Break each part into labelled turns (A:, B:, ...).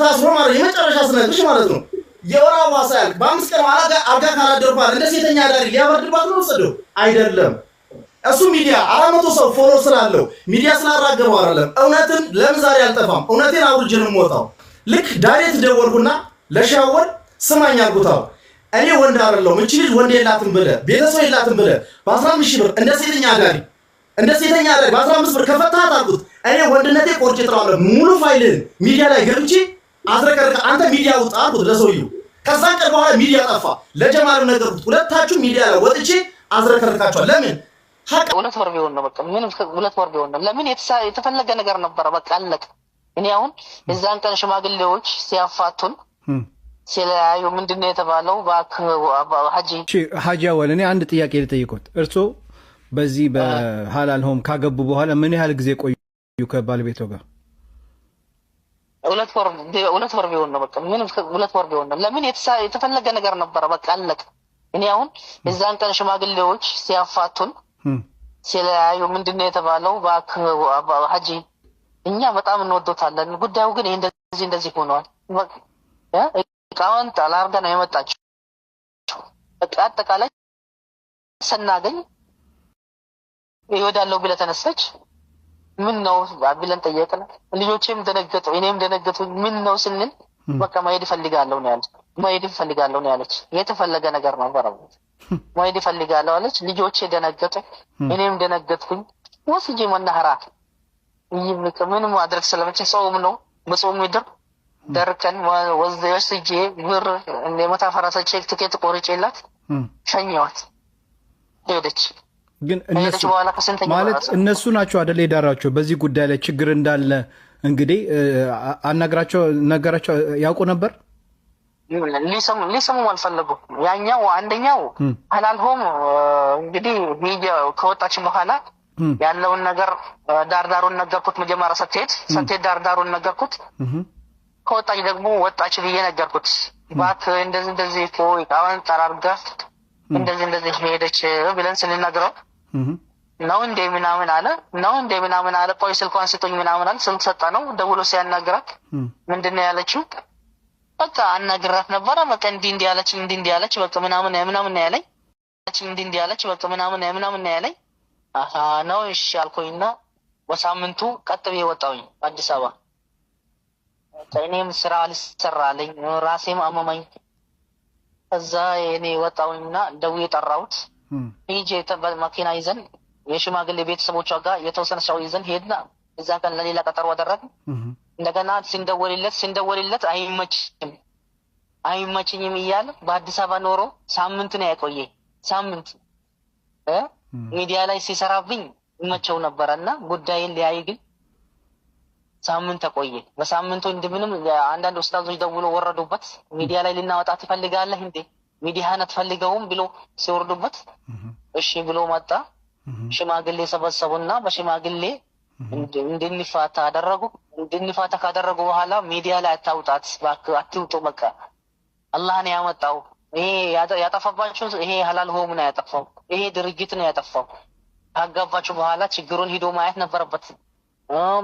A: ታስሮ ማለት የመጨረሻ ስነግርሽ ማለት ነው። የወር አበባ ሳያልቅ በአምስት ቀን አልጋ ካላደርኳት እንደ ሴተኛ አዳሪ ሊያበርድባት ነው ወሰደው አይደለም። እሱ ሚዲያ አራት መቶ ሰው ፎሎ ስላለው ሚዲያ ስላራገበው አይደለም። እውነትን ለምን ዛሬ አልጠፋም? እውነቴን አውርጄ ነው የምወጣው። ልክ ዳሬት ደወልኩና ለሻወር ስማኝ አልኩታው እኔ ወንድ አይደለሁም እቺ ልጅ ወንድ የላትም ብለህ ቤተሰብ የላትም ብለህ በ15 ሺህ ብር እንደ ሴተኛ አዳሪ እንደ ሴተኛ አዳሪ በ15 ብር ከፈታሃት አልኩት። እኔ ወንድነቴ ቆርጬ ጥለዋለሁ። ሙሉ ፋይልን ሚዲያ ላይ ገብቼ አዝረከረከ። አንተ ሚዲያ ውጣ አልኩት ለሰውዬው። ከዛን ቀን በኋላ ሚዲያ ጠፋ። ለጀማሪው ነገርኩት። ሁለታችሁ ሚዲያ ላይ ወጥቼ አዝረከረካችኋል። ለምን
B: ሁለት ወር ቢሆን ነው በቃ ምንም ሁለት ወር ቢሆን ነው። ለምን የተፈለገ ነገር ነበረ። በቃ አለቀ። እኔ አሁን እዛን ቀን ሽማግሌዎች ሲያፋቱን ሲለያዩ ምንድን ነው የተባለው? ሀጂ
C: ሀጂ አወል እኔ አንድ ጥያቄ ልጠይቆት። እርሶ በዚህ በሀላል ሆም ካገቡ በኋላ ምን ያህል ጊዜ ቆዩ ከባለቤቶ ጋር?
B: ሁለት ወር ሁለት ወር ቢሆን ነው በቃ ምንም ሁለት ወር ቢሆን ነው። ለምን የተፈለገ ነገር ነበረ በቃ አለቀ። እኔ አሁን የዛን ቀን ሽማግሌዎች ሲያፋቱን ሲለያዩ ምንድነው ነው የተባለው? ሀጂ እኛ በጣም እንወዶታለን፣ ጉዳዩ ግን ይህ እንደዚህ እንደዚህ ሆነዋል። እቃውን ጣል ነው የመጣቸው በቃ አጠቃላይ ስናገኝ ይወዳለው ብለህ ተነሳች። ምን ነው ብለን ጠየቅን። ልጆቼም ደነገጡ፣ እኔም ደነገጡ። ምን ነው ስንል በቃ መሄድ እፈልጋለሁ ነው ያለች። መሄድ እፈልጋለሁ ነው ያለች። የተፈለገ ነገር ነው በረ መሄድ እፈልጋለሁ አለች። ልጆቼ ደነገጡ፣ እኔም ደነገጥኩኝ። ወስጄ መናኸራ ምን ማድረግ ስለምችል ሰውም ነው በጾም ምድር ደርከን ወስጄ ብር የመታፈራሰቼ ትኬት ቆርጬላት ሸኘዋት ሄደች።
C: ግን እነሱ ማለት እነሱ ናቸው አደላ የዳራቸው በዚህ ጉዳይ ላይ ችግር እንዳለ እንግዲህ አናግራቸው ነገራቸው ያውቁ ነበር።
B: ሊሰሙም አልፈለጉም። ያኛው አንደኛው አላልሆም እንግዲህ ሚዲያ ከወጣች በኋላ ያለውን ነገር ዳርዳሩን ነገርኩት። መጀመሪያ ስትሄድ ስትሄድ ዳርዳሩን ነገርኩት። ከወጣች ደግሞ ወጣች ብዬ ነገርኩት። ባት እንደዚህ እንደዚህ እኮ እቃዋን ጠራርጋ እንደዚህ እንደዚህ ሄደች ብለን ስንነግረው ነው እንዴ ምናምን አለ። ነው እንዴ ምናምን አለ። ቆይ ስልኳን ስጡኝ ምናምን አለ። ስልክ ሰጠ ነው ደውሎ ሲያናግራት ምንድን ነው ያለችው? በቃ አናግራት ነበረ። በቃ እንዲ እንዲ ያለች እንዲ እንዲ ያለች በቃ ምናምን ምናምን ያለኝ እንዲ እንዲ ያለች በቃ ምናምን ምናምን ያለኝ ነው። እሺ አልኩኝና በሳምንቱ ቀጥ ብዬ ወጣሁኝ አዲስ አበባ። እኔም ስራ አልሰራልኝ ራሴም አመመኝ። ከዛ እኔ ወጣሁኝና ደውዬ ጠራሁት። ሂጅ መኪና ይዘን የሽማግሌ ቤተሰቦቿ ጋር የተወሰነ ሰው ይዘን ሄድና እዛ ቀን ለሌላ ቀጠሮ አደረግ። እንደገና ሲንደወልለት ሲንደወልለት አይመችም አይመችኝም እያለ በአዲስ አበባ ኖሮ ሳምንት ነው ያቆየ። ሳምንት ሚዲያ ላይ ሲሰራብኝ ይመቸው ነበረ እና ጉዳይን ሊያይ ግን ሳምንት ተቆየ። በሳምንቱ እንድምንም አንዳንድ ኡስታዞች ደውሎ ወረዱበት። ሚዲያ ላይ ልናወጣ ትፈልጋለህ እንዴ ሚዲያን አትፈልገውም ብሎ ሲወርዱበት እሺ ብሎ መጣ። ሽማግሌ ሰበሰቡና በሽማግሌ እንድንፋታ አደረጉ። እንድንፋታ ካደረጉ በኋላ ሚዲያ ላይ አታውጣት፣ አትውጡ፣ በቃ አላህን ያመጣው። ይሄ ያጠፋባቸው ይሄ ሀላል ሆም ነው ያጠፋው፣ ይሄ ድርጅት ነው ያጠፋው። ካጋባችሁ በኋላ ችግሩን ሂዶ ማየት ነበረበት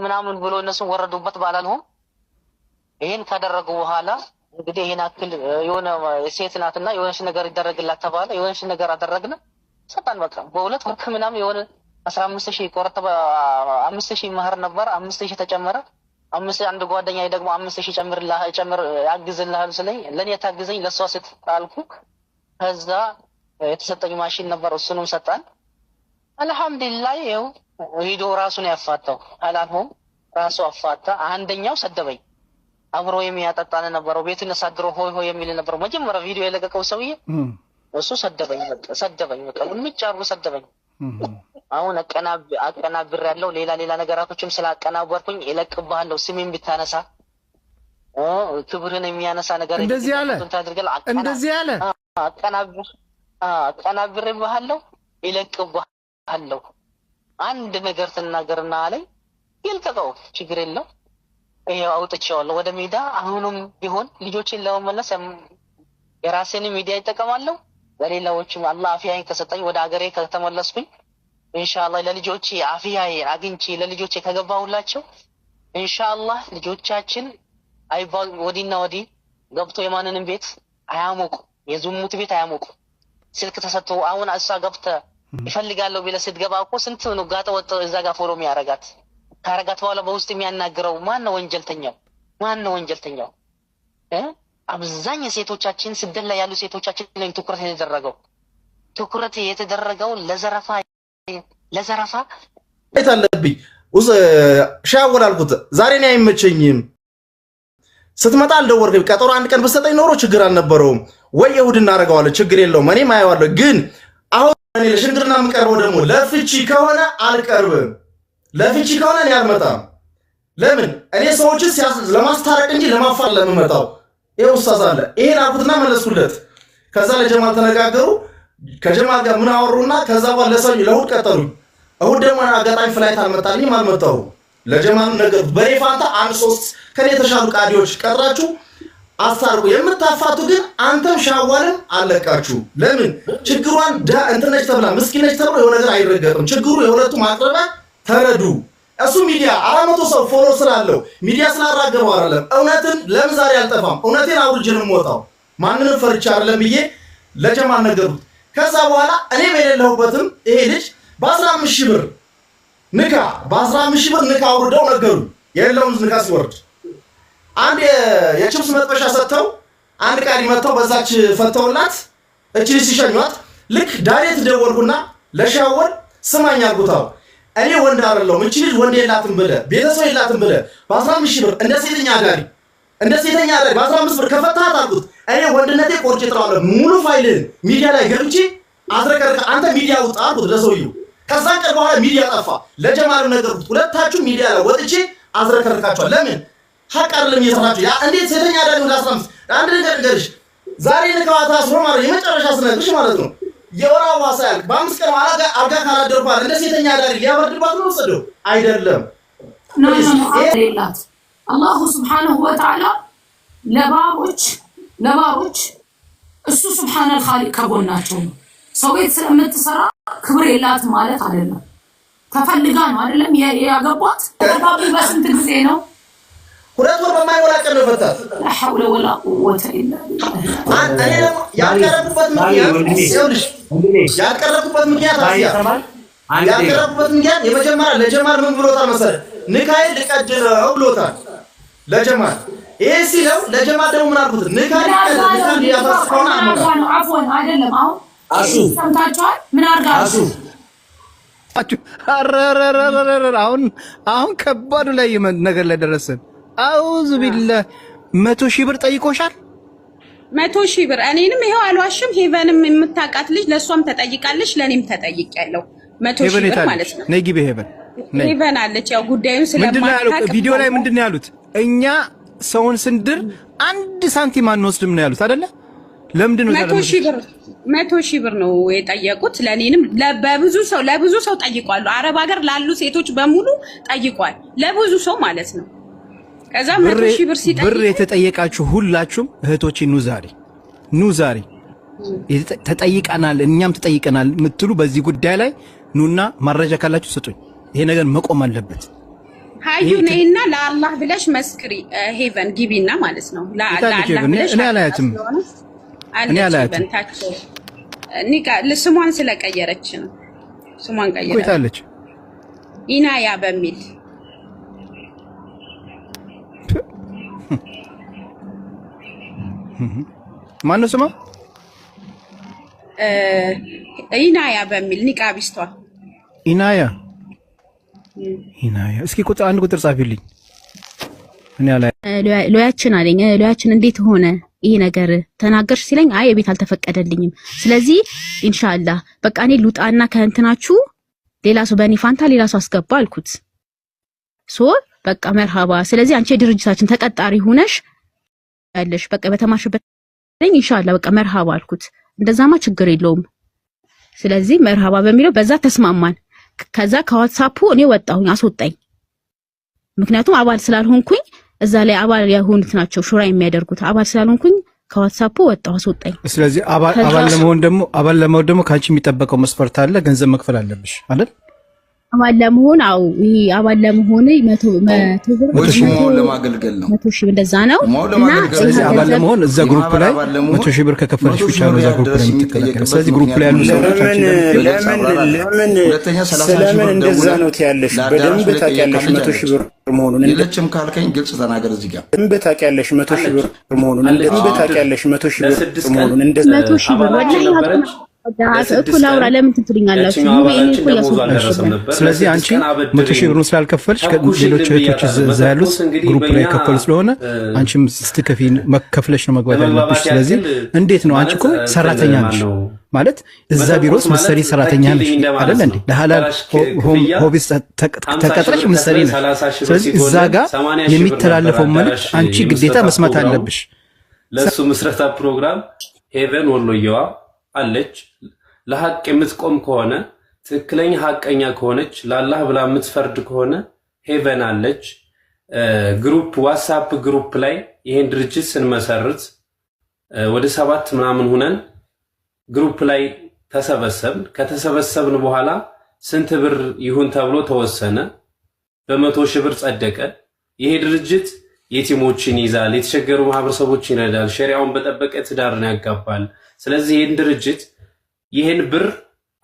B: ምናምን ብሎ እነሱን ወረዱበት ባላልሆም ይህን ካደረጉ በኋላ እንግዲህ ይህን አክል የሆነ ሴት ናትና የሆነሽ ነገር ይደረግላት ተባለ። የሆነሽ ነገር አደረግን ሰጣን። በቃ በሁለት ወርክ ምናምን የሆነ አስራ አምስት ሺህ ቆረተ አምስት ሺህ መህር ነበር። አምስት ሺህ ተጨመረ። አምስት አንድ ጓደኛ ደግሞ አምስት ሺህ ጨምር ጨምር ያግዝልሃል ስለኝ ለእኔ የታግዘኝ ለእሷ ሴት አልኩ። ከዛ የተሰጠኝ ማሽን ነበር እሱንም ሰጣን። አልሐምዱሊላህ ይኸው ሂዶ ራሱን ያፋታው አላልሆም ራሱ አፋታ። አንደኛው ሰደበኝ አብሮ የሚያጠጣን ነበረው። ቤቱን አሳድሮ ሆይ ሆይ የሚል ነበረው። መጀመሪያ ቪዲዮ የለቀቀው ሰውዬ እሱ ሰደበኝ፣ ሰደበኝ፣ በቃ ሙልጭ አድርጎ ሰደበኝ። አሁን አቀናብር ያለው ሌላ ሌላ ነገራቶችም ስላቀናበርኩኝ እለቅብሃለሁ፣ ስሜን ብታነሳ ክብርን የሚያነሳ ነገር
C: እንደዚህ ያለ እንደዚህ ያለ
B: አቀናብርብሃለሁ፣ እለቅብሃለሁ፣ አንድ ነገር ትናገርና አለኝ። ይልቀቀው፣ ችግር የለው አውጥቼዋለሁ ወደ ሜዳ። አሁኑም ቢሆን ልጆችን ለመመለስ የራሴን ሚዲያ ይጠቀማለሁ። ለሌላዎችም አላህ አፍያዬን ከሰጠኝ ወደ ሀገሬ ከተመለስኩኝ እንሻላ ለልጆቼ አፍያዬ አግኝቼ ለልጆቼ ከገባሁላቸው እንሻላ ልጆቻችን አይባ ወዲና ወዲ ገብቶ የማንንም ቤት አያሞቁ፣ የዝሙት ቤት አያሞቁ። ስልክ ተሰጥቶ አሁን እሷ ገብተ ይፈልጋለሁ ቢለ ስትገባ እኮ ስንት ነው ጋጠ ወጥ እዛ ጋር ፎሎ ያረጋት ካረጋት በኋላ በውስጥ የሚያናግረው ማን ነው? ወንጀልተኛው ማን ነው? ወንጀልተኛው አብዛኛው ሴቶቻችን ስደት ላይ ያሉ ሴቶቻችን ላይ ትኩረት የተደረገው ትኩረት የተደረገው ለዘረፋ ለዘረፋ
A: ቤት አለብኝ ሻወል አልኩት። ዛሬ እኔ አይመቸኝም ስትመጣ አልደወልክም። ቀጠሮ አንድ ቀን በሰጠኝ ኖሮ ችግር አልነበረውም ወይ የሁድ እናደርገዋለን። ችግር የለውም እኔም አየዋለሁ። ግን አሁን ለሽምግልና የምቀርበው ደግሞ ለፍቺ ከሆነ አልቀርብም። ለፍቺ ከሆነ እኔ አልመጣም። ለምን እኔ ሰዎችን ለማስታረቅ እንጂ ለማፋል ለምመጣው ይሄ ውስታዝ አለ ይሄን አልኩትና መለስኩለት። ከዛ ለጀማል ተነጋገሩ። ከጀማል ጋር ምን አወሩና ከዛ በኋላ ለሰው ለእሑድ ቀጠሉኝ። እሑድ ደግሞ አጋጣሚ ፍላይት አልመጣልኝም፣ አልመጣሁም። ለጀማል ነገርኩት። በእኔ ፋንታ አንድ ሶስት ከኔ የተሻሉ ቃዲዎች ቀጥራችሁ አስታርቁ። የምታፋቱ ግን አንተም ሻዋልም አለቃችሁ። ለምን ችግሯን እንትነች ተብላ ምስኪነች ተብሎ የሆነ ነገር አይረገጥም። ችግሩ የሁለቱ ማቅረቢያ ተረዱ። እሱ ሚዲያ አራት መቶ ሰው ፎሎ ስላለው ሚዲያ ስላራገበው አይደለም። እውነትን ለምን ዛሬ አልጠፋም? እውነቴን አውርጅን ወጣው ማንንም ፈርቻ አይደለም ብዬ ለጀማ ነገሩት። ከዛ በኋላ እኔም የሌለሁበትም ይሄ ልጅ በአስራ አምስት ሺህ ብር ንካ በአስራ አምስት ሺህ ብር ንካ አውርደው ነገሩ የሌለውን ንካ ሲወርድ አንድ የችብስ መጥበሻ ሰጥተው አንድ ቃል መጥተው በዛች ፈተውላት እችል ሲሸኟት ልክ ዳሬት ደወልኩና ለሻወል ስማኝ አልኩታው እኔ ወንድ አይደለሁም እቺ ልጅ ወንድ የላትም ብለህ ቤተሰብ የላትም ብለህ በአስራ አምስት ሺህ ብር እንደ ሴተኛ አዳሪ እንደ ሴተኛ አዳሪ በአስራ አምስት ብር ከፈታህ አልኩት። እኔ ወንድነቴ ቆርጬ ጥለዋለሁ። ሙሉ ፋይልን ሚዲያ ላይ ገብቼ አዝረቀርቀ አንተ ሚዲያ ውጣ አልኩት ለሰውዬው። ከዛ ቀን በኋላ ሚዲያ ጠፋ። ለጀማሪ ነገርኩት። ሁለታችሁ ሚዲያ ላይ ወጥቼ አዝረከርካቸዋል። ለምን ሀቅ አይደለም እየሰራችሁ ያ እንዴት ሴተኛ አዳሪ ወደ አስራ አምስት አንድ ነገር ንገርሽ ዛሬ ንቀዋ ታስሮ ማለት የመጨረሻ ስነግርሽ ማለት ነው የወር አበባ ሳያልቅ በአምስት ቀን በኋላ አልጋ ካላደርኳት እንደ ሴተኛ አዳሪ ሊያበርድባት ነው ወሰደው አይደለም።
B: አላሁ ስብሓነሁ ወተዓላ ለባሮች ለባሮች እሱ ስብሓነል ኻሊቅ ከጎናቸው ነው። ሰው ቤት ስለምትሰራ ክብር የላት ማለት አይደለም። ተፈልጋ ነው አይደለም ያገቧት። በስንት ጊዜ ነው
A: ሁለት ወር በማይሞላ ቀን ነው የፈታት።
B: ወላ ኢላ
A: ያቀረብኩበት ምክንያት ያቀረብኩበት ምክንያት የመጀመሪያ ለጀማል ምን ብሎታል መሰለህ? ንካይን ልቀድለው ብሎታል ለጀማል። ይሄ ሲለው ለጀማል ደግሞ ምን አልኩት? ንካይን
B: ልቀድለው አፎን አይደለም። ሰምታችኋል። ምን
C: አሁን አሁን ከባዱ ላይ ነገር ላይ ደረሰን። አውዝ ቢላህ መቶ ሺህ ብር ጠይቆሻል?
B: መቶ ሺህ ብር እኔንም ይሄው አልዋሽም። ሄቨንም የምታውቃት ልጅ ለእሷም ተጠይቃለች፣ ለእኔም ያለው መቶ ሺህ ብር ማለት ነው። ነይ ግቢ ሄቨን ሄቨን አለች። ያው ጉዳዩን
C: ስለማታውቅ ቪዲዮ ላይ ምንድን ነው ያሉት? እኛ ሰውን ስንድር አንድ ሳንቲም አንወስድም ነው ያሉት አይደለ? ለምንድን ነው
B: መቶ ሺህ ብር መቶ ሺህ ብር ነው የጠየቁት። ለኔንም ለበብዙ ሰው ለብዙ ሰው ጠይቋሉ። አረብ ሀገር ላሉ ሴቶች በሙሉ ጠይቋል። ለብዙ ሰው ማለት ነው ከዛ መቶ ሺህ ብር
C: ብር የተጠየቃችሁ ሁላችሁም እህቶቼ ኑ ዛሬ ኑ ዛሬ ተጠይቀናል፣ እኛም ተጠይቀናል የምትሉ በዚህ ጉዳይ ላይ ኑና ማረጃ ካላችሁ ስጡኝ። ይሄ ነገር መቆም አለበት።
B: ሀዩ ነይና ለአላህ ብለሽ መስክሪ። ሄቨን ግቢና ማለት ነው።
C: ለአላህ ብለሽ እኔ አላያትም፣
B: እኔ አላያትም። ስሟን ስለቀየረች ነው። ስሟን ቀየረች። ኢናያ በሚል ማነው ስማ ኢናያ በሚል ኒቃቢስቷ
C: ኢናያ ኢናያ። እስኪ ቁጥር አንድ ቁጥር ጻፊልኝ።
D: እኔ አላይ ሎያችን አለኝ። ሎያችን እንዴት ሆነ ይሄ ነገር ተናገርሽ ሲለኝ አይ የቤት አልተፈቀደልኝም። ስለዚህ ኢንሻአላህ በቃ እኔ ሉጣና ከእንትናችሁ ሌላ ሰው በእኔ ፋንታ ሌላ ሰው አስገባ አልኩት። ሶ በቃ መርሃባ። ስለዚህ አንቺ የድርጅታችን ተቀጣሪ ሆነሽ ያለሽ በቃ በተማሽበት ላይ ኢንሻአላ በቃ መርሃባ አልኩት። እንደዛማ ችግር የለውም። ስለዚህ መርሃባ በሚለው በዛ ተስማማን። ከዛ ከዋትሳፑ እኔ ወጣሁኝ፣ አስወጣኝ። ምክንያቱም አባል ስላልሆንኩኝ እዛ ላይ አባል የሆኑት ናቸው ሹራ የሚያደርጉት። አባል ስላልሆንኩኝ ከዋትሳፑ ወጣሁ፣ አስወጣኝ።
C: ስለዚህ አባል ለመሆን ደግሞ አባል ለመሆን ደግሞ ከአንቺ የሚጠበቀው መስፈርት አለ፣ ገንዘብ መክፈል አለብሽ አይደል?
B: አባል ለመሆን አው ይሄ አባል ለመሆን መቶ
A: ብር ለማገልገል ነው።
B: መቶ ሺህ እንደዛ ነው።
C: ስለዚህ አባል ለመሆን እዛ ግሩፕ ላይ መቶ ሺህ ብር ከከፈለች ብቻ ነው እዛ ግሩፕ ላይ የምትከለከል። ስለዚህ ግሩፕ ላይ ያሉ
A: ሰዎች ለምን ለምን ለምን ስለምን እንደዛ ነው ትያለሽ? በደንብ ታውቂያለሽ መቶ ሺህ ብር መሆኑን ሌሎችም ካልከኝ ግልጽ ተናገር። እዚህ ጋር በደንብ ታውቂያለሽ መቶ ሺህ ብር መሆኑን በደንብ ታውቂያለሽ መቶ ሺህ ብር መሆኑን
B: እንደዛ እኩል ለምን ትትሉኛላችሁ?
C: ስለዚህ አንቺ መቶ ሺህ ብሩን ስላልከፈልሽ ሌሎች እህቶች እዛ ያሉት ግሩፕ ላይ የከፈሉ ስለሆነ አንቺም ስትከፊ መከፍለሽ ነው መግባት ያለብሽ። ስለዚህ እንዴት ነው? አንቺ እኮ ሰራተኛ ነሽ ማለት እዛ ቢሮ ውስጥ ምሰሪ ሰራተኛ ነሽ አይደል እንዴ? ለሀላል ሆቢስ ተቀጥረሽ ምሰሪ ነሽ። ስለዚህ እዛ ጋር የሚተላለፈው መልዕክት አንቺ ግዴታ መስማት አለብሽ። ለእሱ ምስረታ ፕሮግራም ሄቨን ወሎየዋ አለች። ለሐቅ የምትቆም ከሆነ ትክክለኛ ሐቀኛ ከሆነች ለአላህ ብላ የምትፈርድ ከሆነ ሄቨን አለች። ግሩፕ ዋትሳፕ ግሩፕ ላይ ይሄን ድርጅት ስንመሰርት ወደ ሰባት ምናምን ሁነን ግሩፕ ላይ ተሰበሰብን። ከተሰበሰብን በኋላ ስንት ብር ይሁን ተብሎ ተወሰነ። በመቶ ሺህ ብር ጸደቀ ይሄ ድርጅት የቲሞችን ይዛል፣ የተቸገሩ ማህበረሰቦችን ይረዳል፣ ሸሪያውን በጠበቀ ትዳርን ያጋባል። ስለዚህ ይህን ድርጅት ይህን ብር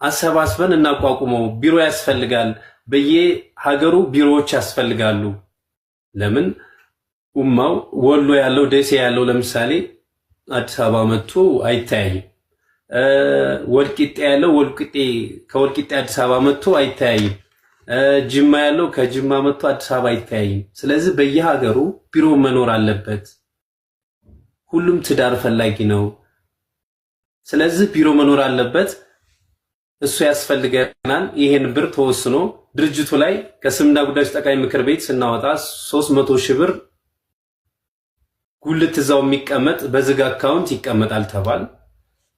C: አሰባስበን እናቋቁመው። ቢሮ ያስፈልጋል፣ በየሀገሩ ቢሮዎች ያስፈልጋሉ። ለምን ኡማው ወሎ ያለው ደሴ ያለው ለምሳሌ አዲስ አበባ መጥቶ አይተያይም። ወልቂጤ ያለው ከወልቂጤ አዲስ አበባ መጥቶ አይተያይም። ጅማ ያለው ከጅማ መጥቶ አዲስ አበባ አይተያይም። ስለዚህ በየሀገሩ ቢሮ መኖር አለበት። ሁሉም ትዳር ፈላጊ ነው። ስለዚህ ቢሮ መኖር አለበት። እሱ ያስፈልገናል። ይሄን ብር ተወስኖ ድርጅቱ ላይ ከስምና ጉዳዮች ጠቅላይ ምክር ቤት ስናወጣ 300 ሺህ ብር ጉልት እዛው የሚቀመጥ በዝግ አካውንት ይቀመጣል ተባል።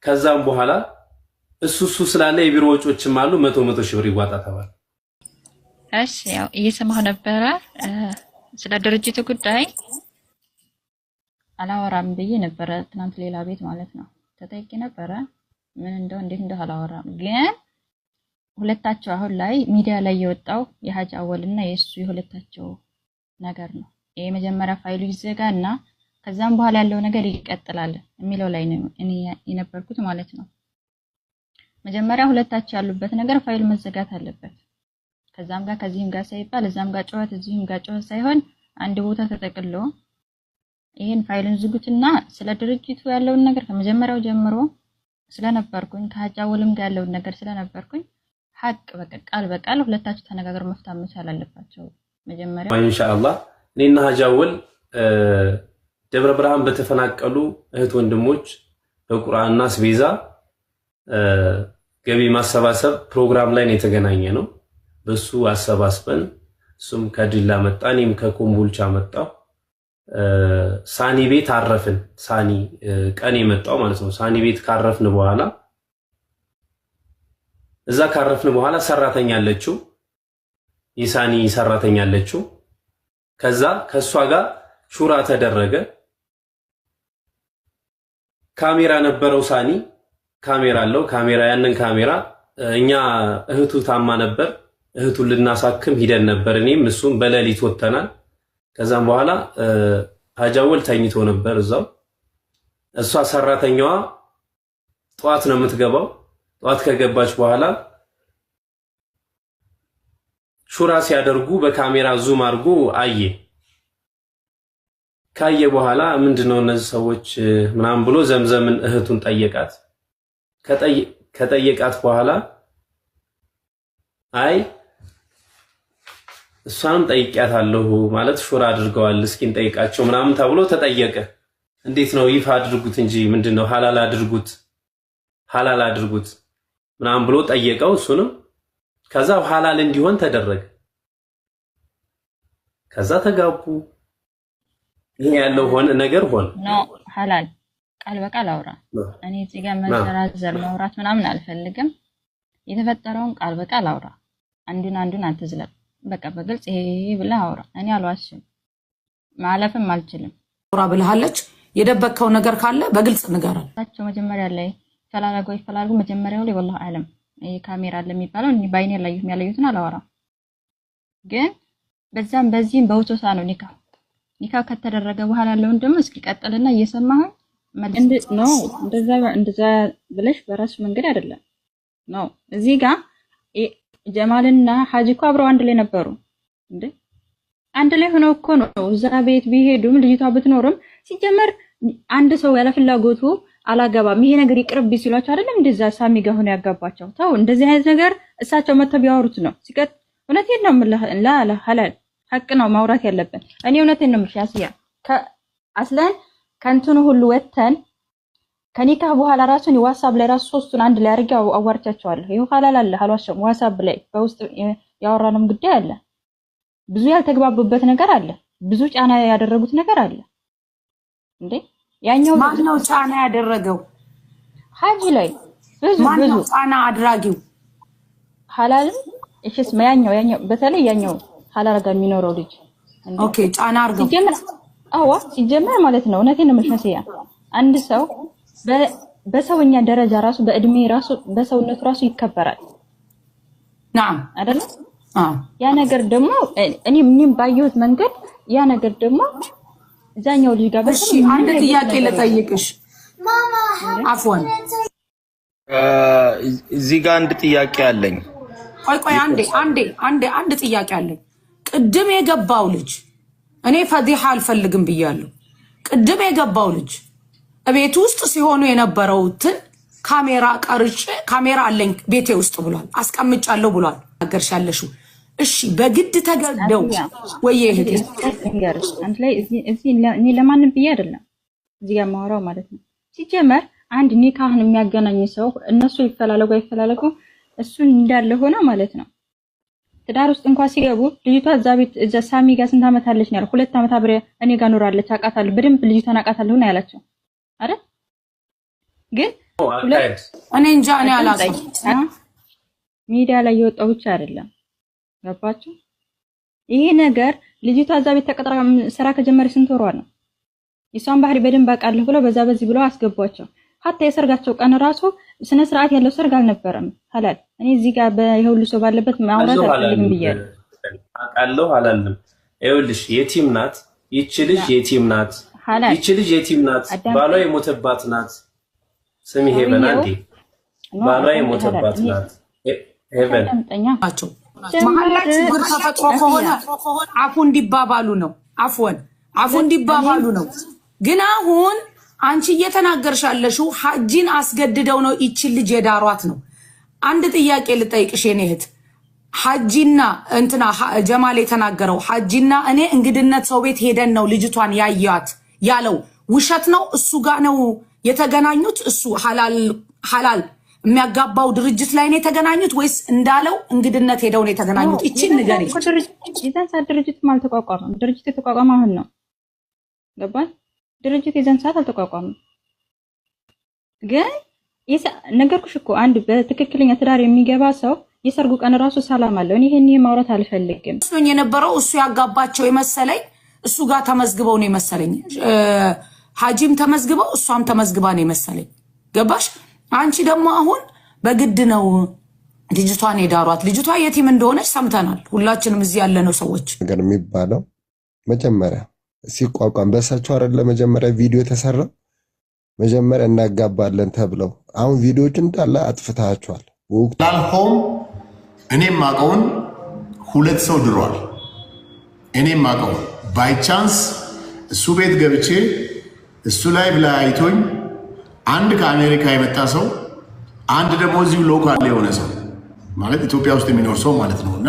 C: ከዛም በኋላ እሱ እሱ ስላለ የቢሮ ወጪዎችም አሉ መቶ መቶ ሺህ ብር ይዋጣ ተባል። እሺ ያው እየሰማሁ ነበረ። ስለ ድርጅቱ ጉዳይ አላወራም ብዬ ነበረ፣ ትናንት ሌላ ቤት ማለት ነው ተጠይቄ ነበረ። ምን እንደው እንዴት እንደው አላወራም። ግን ሁለታቸው አሁን ላይ ሚዲያ ላይ የወጣው የሀጅ አወልና የእሱ የሁለታቸው ነገር ነው። ይሄ መጀመሪያ ፋይሉ ይዘጋና ከዛም በኋላ ያለው ነገር ይቀጥላል የሚለው ላይ ነው እኔ የነበርኩት ማለት ነው። መጀመሪያ ሁለታቸው ያሉበት ነገር ፋይል መዘጋት አለበት። ከዛም ጋር ከዚህም ጋር ሳይባል እዛም ጋር ጨዋት እዚህም ጋር ጨዋት ሳይሆን አንድ ቦታ ተጠቅሎ ይህን ፋይልን ዝጉትና ስለ ድርጅቱ ያለውን ነገር ከመጀመሪያው ጀምሮ ስለነበርኩኝ ከሀጫወልም ጋር ያለውን ነገር ስለነበርኩኝ ሀቅ በቃ ቃል በቃል ሁለታችሁ ተነጋገር መፍታት መቻል አለባቸው። መጀመሪያ ኢንሻአላህ እኔና ሀጃወል ደብረ ብርሃን በተፈናቀሉ እህት ወንድሞች በቁርአንና አስቤዛ ገቢ ማሰባሰብ ፕሮግራም ላይ ነው የተገናኘ ነው። በሱ አሰባስበን እሱም ከዲላ መጣ፣ እኔም ከኮምቦልቻ መጣው። ሳኒ ቤት አረፍን። ሳኒ ቀን የመጣው ማለት ነው። ሳኒ ቤት ካረፍን በኋላ እዛ ካረፍን በኋላ ሰራተኛ አለችው፣ የሳኒ ሰራተኛ አለችው። ከዛ ከእሷ ጋር ሹራ ተደረገ። ካሜራ ነበረው። ሳኒ ካሜራ አለው። ካሜራ ያንን ካሜራ እኛ እህቱ ታማ ነበር እህቱን ልናሳክም ሂደን ነበር። እኔም እሱም በሌሊት ወጥተናል። ከዛም በኋላ ሀጃወል ተኝቶ ነበር እዛው። እሷ ሰራተኛዋ ጠዋት ነው የምትገባው። ጠዋት ከገባች በኋላ ሹራ ሲያደርጉ በካሜራ ዙም አድርጎ አየ። ካየ በኋላ ምንድነው እነዚህ ሰዎች ምናምን ብሎ ዘምዘምን እህቱን ጠየቃት። ከጠየቃት በኋላ አይ እሷንም ጠይቂያታለሁ ማለት ሹራ አድርገዋል። እስኪን ጠይቃቸው ምናምን ተብሎ ተጠየቀ። እንዴት ነው ይፋ አድርጉት እንጂ ምንድን ነው ሀላል አድርጉት ሀላል አድርጉት ምናምን ብሎ ጠየቀው። እሱንም ከዛ ሀላል እንዲሆን ተደረገ። ከዛ ተጋቡ። ይሄ ያለው ሆነ ነገር ሆነ ሀላል ቃል በቃል አውራ። እኔ እዚህ ጋር መዘራዘር ማውራት ምናምን አልፈልግም። የተፈጠረውን ቃል በቃል አውራ። አንዱን አንዱን አትዝለቅ። በቃ በግልጽ ይሄ ብለህ አውራ። እኔ አልዋሽም ማለፍም አልችልም። አውራ ብልሃለች። የደበቅከው ነገር ካለ በግልጽ ንገረን። መጀመሪያ ላይ ፈላላጎ ይፈላልጉ መጀመሪያው ላይ ወላሂ አለም ይሄ ካሜራ አለ የሚባለው እኔ ባይኔ ያላየሁት ያላየሁትን አላወራም። ግን በዛም በዚህም በውቶሳ ነው ኒካ ኒካ ከተደረገ በኋላ ያለውን ደግሞ እስኪ ቀጥልና እየሰማህን መልስ ነው። እንደዛ ብለሽ በራሱ መንገድ አይደለም ነው እዚህ ጋር ጀማልና ሀጂ እኮ አብረው አንድ ላይ ነበሩ እንዴ? አንድ ላይ ሆነው እኮ ነው እዛ ቤት ቢሄዱም ልጅቷ ብትኖርም ሲጀመር አንድ ሰው ያለ ፍላጎቱ አላገባም ይሄ ነገር ይቅርብ ሲሏቸው አይደለም እንደዛ ሳሚ ጋር ሆነ ያጋባቸው። ተው እንደዚህ አይነት ነገር እሳቸው መተው ቢያወሩት ነው ሲቀጥ። እውነቴን ነው የምልህ፣ ላ ሀቅ ነው ማውራት ያለብን። እኔ እውነቴን ነው የምልሽ ያስያ ከአስለን ከንትኑ ሁሉ ወተን ከኒካ በኋላ ራሱን ዋትሳፕ ላይ ራሱ ሶስቱን አንድ ላይ አድርጌ አዋርቻቸዋለሁ። ይህ ሀላል አለ አልዋሸሁም። ዋትሳፕ ላይ በውስጥ ያወራንም ጉዳይ አለ። ብዙ ያልተግባቡበት ነገር አለ። ብዙ ጫና ያደረጉት ነገር አለ። እንዴ ያኛው ማነው ጫና ያደረገው? ሀጂ ላይ ብዙ ብዙ ጫና አድራጊው ሀላልም እሺስ ያኛው ያኛው በተለይ ያኛው ሀላል ጋር የሚኖረው ልጅ ኦኬ ጫና አርገው ሲጀምር አዋ ሲጀምር ማለት ነው። እውነቴን ነው የምልሽ አንድ ሰው በሰውኛ ደረጃ ራሱ በእድሜ ራሱ በሰውነቱ ራሱ ይከበራል። ናም አይደለ? ያ ነገር ደግሞ እኔ ምንም ባየሁት መንገድ ያ ነገር ደግሞ እዛኛው ልጅ ጋር እሺ፣ አንድ ጥያቄ ልጠይቅሽ አፍዋን፣ እዚህ ጋር አንድ ጥያቄ አለኝ። ቆይ ቆይ፣ አንዴ አንዴ አንዴ፣ አንድ ጥያቄ አለኝ። ቅድም የገባው ልጅ እኔ ፈዲሃ አልፈልግም ብያለሁ። ቅድም የገባው ልጅ ቤት ውስጥ ሲሆኑ የነበረውትን ካሜራ ቀርጬ ካሜራ አለኝ ቤቴ ውስጥ ብሏል፣ አስቀምጫለሁ ብሏል። አገርሻለሹ እሺ፣ በግድ ተገደው ወይ ይሄድ አንድ ላይ እዚህ እኔ ለማንም ብዬ አይደለም እዚህ ጋር ማወራው ማለት ነው። ሲጀመር አንድ እኔ ካህን የሚያገናኝ ሰው እነሱ ይፈላለጉ አይፈላለጉ እሱን እንዳለ ሆነ ማለት ነው። ትዳር ውስጥ እንኳን ሲገቡ ልጅቷ እዛ ቤት እዛ ሳሚ ጋር ስንት ዓመት አለች ነው ያለው። ሁለት ዓመት አብሬ እኔ ጋር ኖራለች፣ አውቃታለሁ፣ በደንብ ልጅቷን አውቃታለሁ ነው ያላቸው። አይደል? ግን እኔ እንጃ እኔ አላውቅም። ሚዲያ ላይ የወጣው ብቻ አይደለም። ገባችሁ? ይሄ ነገር ልጅቷ እዛ ቤት ተቀጥራ ስራ ከጀመረ ስንት ወሯ ነው? የሷን ባህሪ በደንብ አውቃለሁ ብለው በዛ በዚህ ብለው አስገቧቸው። ሀታ የሰርጋቸው ቀን ራሱ ስነ ስርዓት ያለው ሰርግ አልነበረም። ሀላል እኔ እዚህ ጋር የሁሉ ሰው ባለበት ማውራት አልፈልግም ብያለሁ። አውቃለሁ አላልንም። ይኸውልሽ የቲም ናት ይቺ ልጅ የቲም ናት ይቺ ልጅ የቲም ናት። ባሏ የሞተባት ናት። ስሚ ሄቨን፣ አንዴ ባሏ የሞተባት ናት። ሄቨን መሀላችሁ ግር ተፈጥሮ ከሆነ አፉ እንዲባባሉ ነው። አፍወን አፉ እንዲባባሉ ነው። ግን አሁን አንቺ እየተናገርሽ ያለሽው ሀጂን አስገድደው ነው ይቺን ልጅ የዳሯት ነው። አንድ ጥያቄ ልጠይቅሽ የኔ እህት ሀጂና እንትና ጀማል የተናገረው ሀጂና እኔ እንግድነት ሰው ቤት ሄደን ነው ልጅቷን ያያት። ያለው ውሸት ነው። እሱ ጋር ነው የተገናኙት። እሱ ሀላል የሚያጋባው ድርጅት ላይ ነው የተገናኙት ወይስ እንዳለው እንግድነት ሄደው ነው የተገናኙት? እቺ ንገሪ። የዛን ሰዓት ድርጅትም አልተቋቋመም። ድርጅት የተቋቋመ አሁን ነው። ገባል። ድርጅት የዛን ሰዓት አልተቋቋመም። ግን ነገርኩሽ እኮ አንድ በትክክለኛ ትዳር የሚገባ ሰው የሰርጉ ቀን ራሱ ሰላም አለው። እኔ ይህ ማውራት አልፈልግም። የነበረው እሱ ያጋባቸው የመሰለኝ እሱ ጋር ተመዝግበው ነው የመሰለኝ። ሀጂም ተመዝግበው እሷም ተመዝግባ ነው የመሰለኝ። ገባሽ? አንቺ ደግሞ አሁን በግድ ነው ልጅቷን የዳሯት። ልጅቷ የቲም እንደሆነች ሰምተናል ሁላችንም እዚህ ያለነው ሰዎች። ነገር የሚባለው መጀመሪያ ሲቋቋም በእሳቸው አደለ መጀመሪያ ቪዲዮ የተሰራው መጀመሪያ እናጋባለን ተብለው አሁን ቪዲዮዎች እንዳለ አጥፍታቸዋል። ላልሆም እኔም አቀውን ሁለት ሰው ድሯል። እኔም አቀውን ባይቻንስ እሱ ቤት ገብቼ እሱ ላይ ብላ አይቶኝ አንድ ከአሜሪካ የመጣ ሰው አንድ ደግሞ እዚሁ ሎካል የሆነ ሰው ማለት ኢትዮጵያ ውስጥ የሚኖር ሰው ማለት ነው። እና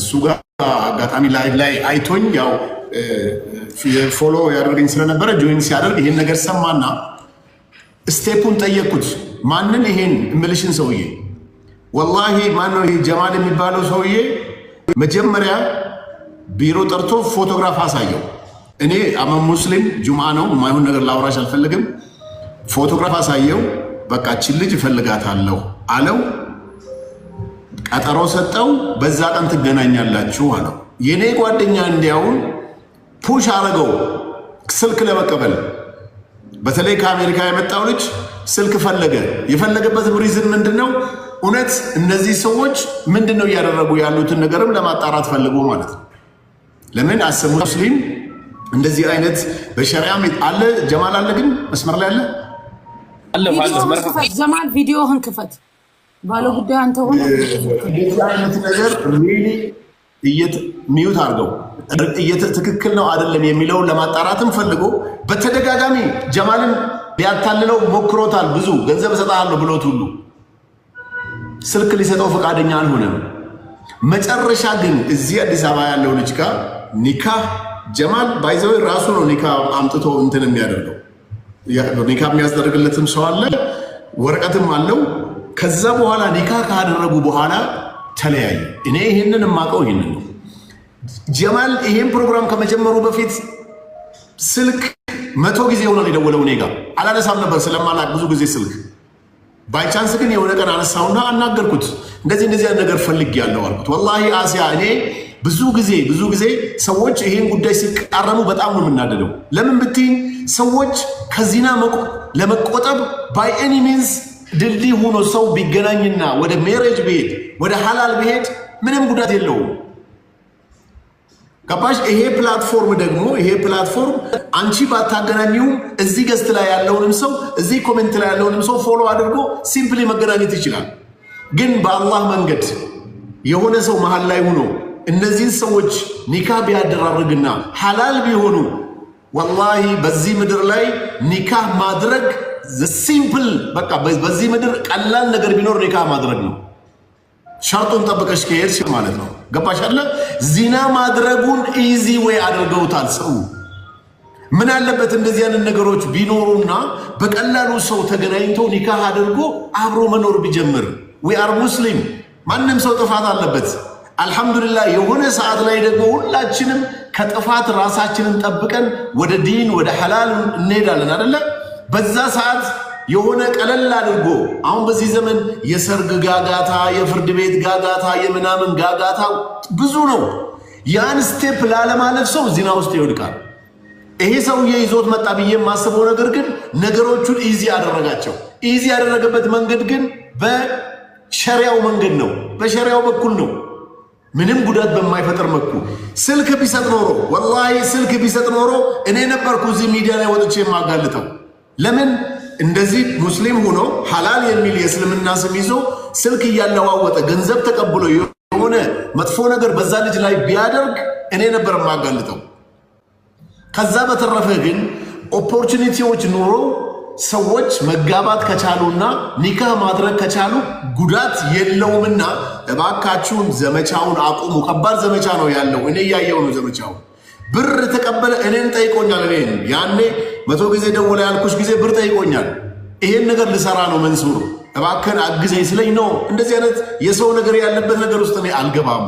C: እሱ ጋር አጋጣሚ ላይቭ ላይ አይቶኝ ያው ፎሎ ያደርገኝ ስለነበረ ጆይን ሲያደርግ ይሄን ነገር ሰማና ስቴፑን ጠየቅኩት። ማንን? ይሄን እምልሽን ሰውዬ ወላሂ ማነው ይሄ ጀማል የሚባለው ሰውዬ መጀመሪያ ቢሮ ጠርቶ ፎቶግራፍ አሳየው። እኔ አመ ሙስሊም ጁምዓ ነው የማይሆን ነገር ላውራሽ አልፈልግም። ፎቶግራፍ አሳየው። በቃ ችን ልጅ እፈልጋታለሁ አለው። ቀጠሮ ሰጠው። በዛ ቀን ትገናኛላችሁ አለው። የኔ ጓደኛ እንዲያውን ፑሽ አረገው ስልክ ለመቀበል በተለይ ከአሜሪካ የመጣው ልጅ ስልክ ፈለገ። የፈለገበት ሪዝን ምንድን ነው? እውነት እነዚህ ሰዎች ምንድን ነው እያደረጉ ያሉትን ነገርም ለማጣራት ፈልጎ ማለት ነው። ለምን አሰሙ ሙስሊም እንደዚህ አይነት በሸሪያ አለ። ጀማል አለ፣ ግን መስመር ላይ አለ ጀማል ቪዲዮህን ክፈት። ባለ ጉዳይ አንተ ሆነ አይነት ነገር ሚዩት አድርገው ትክክል ነው አይደለም የሚለውን ለማጣራትም ፈልጎ በተደጋጋሚ ጀማልን ሊያታልለው ሞክሮታል። ብዙ ገንዘብ እሰጥሃለሁ ብሎት ሁሉ ስልክ ሊሰጠው ፈቃደኛ አልሆነም። መጨረሻ ግን እዚህ አዲስ አበባ ያለው ልጅ ጋር ኒካ ጀማል ባይዘወይ ራሱ ነው ኒካ አምጥቶ እንትን የሚያደርገው ኒካ የሚያስደርግለትም ሰው አለ፣ ወረቀትም አለው። ከዛ በኋላ ኒካ ካደረጉ በኋላ ተለያዩ። እኔ ይህንን የማውቀው ይህንን ነው። ጀማል ይሄን ፕሮግራም ከመጀመሩ በፊት ስልክ መቶ ጊዜ ሆነ የደወለው እኔ ጋር አላነሳም ነበር ስለማላቅ ብዙ ጊዜ ስልክ ባይቻንስ ግን የሆነ ቀን አነሳውና አናገርኩት። እንደዚህ እንደዚህ ነገር ፈልግ ያለው አልኩት። ወላሂ አሲያ እኔ ብዙ ጊዜ ብዙ ጊዜ ሰዎች ይህን ጉዳይ ሲቃረኑ በጣም ነው የምናደደው። ለምን ብት ሰዎች ከዚና ለመቆጠብ ባይ ኤኒ ሚንስ ድልድይ ሆኖ ሰው ቢገናኝና ወደ ሜሬጅ ብሄድ ወደ ሀላል ብሄድ ምንም ጉዳት የለውም። ገባሽ? ይሄ ፕላትፎርም ደግሞ ይሄ ፕላትፎርም አንቺ ባታገናኘውም እዚህ ገስት ላይ ያለውንም ሰው እዚህ ኮሜንት ላይ ያለውንም ሰው ፎሎ አድርጎ ሲምፕሊ መገናኘት ይችላል። ግን በአላህ መንገድ የሆነ ሰው መሀል ላይ ሆኖ እነዚህን ሰዎች ኒካ ቢያደራርግና ሐላል ቢሆኑ ወላሂ በዚህ ምድር ላይ ኒካህ ማድረግ ሲምፕል በቃ በዚህ ምድር ቀላል ነገር ቢኖር ኒካህ ማድረግ ነው። ሸርጡን ጠብቀሽ ከሄድሽ ማለት ነው። ገባሽ አለ ዚና ማድረጉን ኢዚ ወይ አድርገውታል። ሰው ምን አለበት እንደዚህ አይነት ነገሮች ቢኖሩና በቀላሉ ሰው ተገናኝቶ ኒካህ አድርጎ አብሮ መኖር ቢጀምር። ዊ አር ሙስሊም፣ ማንም ሰው ጥፋት አለበት። አልሐምዱሊላህ የሆነ ሰዓት ላይ ደግሞ ሁላችንም ከጥፋት ራሳችንን ጠብቀን ወደ ዲን ወደ ሐላል እንሄዳለን አደለ? በዛ ሰዓት የሆነ ቀለል አድርጎ አሁን በዚህ ዘመን የሰርግ ጋጋታ፣ የፍርድ ቤት ጋጋታ፣ የምናምን ጋጋታ ብዙ ነው። ያን ስቴፕ ላለማለፍ ሰው ዚና ውስጥ ይወድቃል። ይሄ ሰውዬ ይዞት መጣ ብዬ የማስበው ነገር ግን ነገሮቹን ኢዚ አደረጋቸው። ኢዚ ያደረገበት መንገድ ግን በሸሪያው መንገድ ነው፣ በሸሪያው በኩል ነው፣ ምንም ጉዳት በማይፈጥር መኩ ስልክ ቢሰጥ ኖሮ ወላሂ ስልክ ቢሰጥ ኖሮ እኔ ነበርኩ እዚህ ሚዲያ ላይ ወጥቼ የማጋልጠው ለምን እንደዚህ ሙስሊም ሆኖ ሀላል የሚል የእስልምና ስም ይዞ ስልክ እያለዋወጠ ገንዘብ ተቀብሎ የሆነ መጥፎ ነገር በዛ ልጅ ላይ ቢያደርግ እኔ ነበር የማጋልጠው። ከዛ በተረፈ ግን ኦፖርቹኒቲዎች ኖሮ ሰዎች መጋባት ከቻሉና ኒካህ ማድረግ ከቻሉ ጉዳት የለውምና እባካችሁን ዘመቻውን አቁሙ። ከባድ ዘመቻ ነው ያለው። እኔ እያየው ነው ዘመቻው። ብር የተቀበለ እኔን ጠይቆኛል። እኔን ያኔ መቶ ጊዜ ደወለ ያልኩሽ ጊዜ ብር ጠይቆኛል። ይሄን ነገር ልሰራ ነው መንሱር እባከን አግዘኝ ስለኝ ነው። እንደዚህ አይነት የሰው ነገር ያለበት ነገር ውስጥ እኔ አልገባም።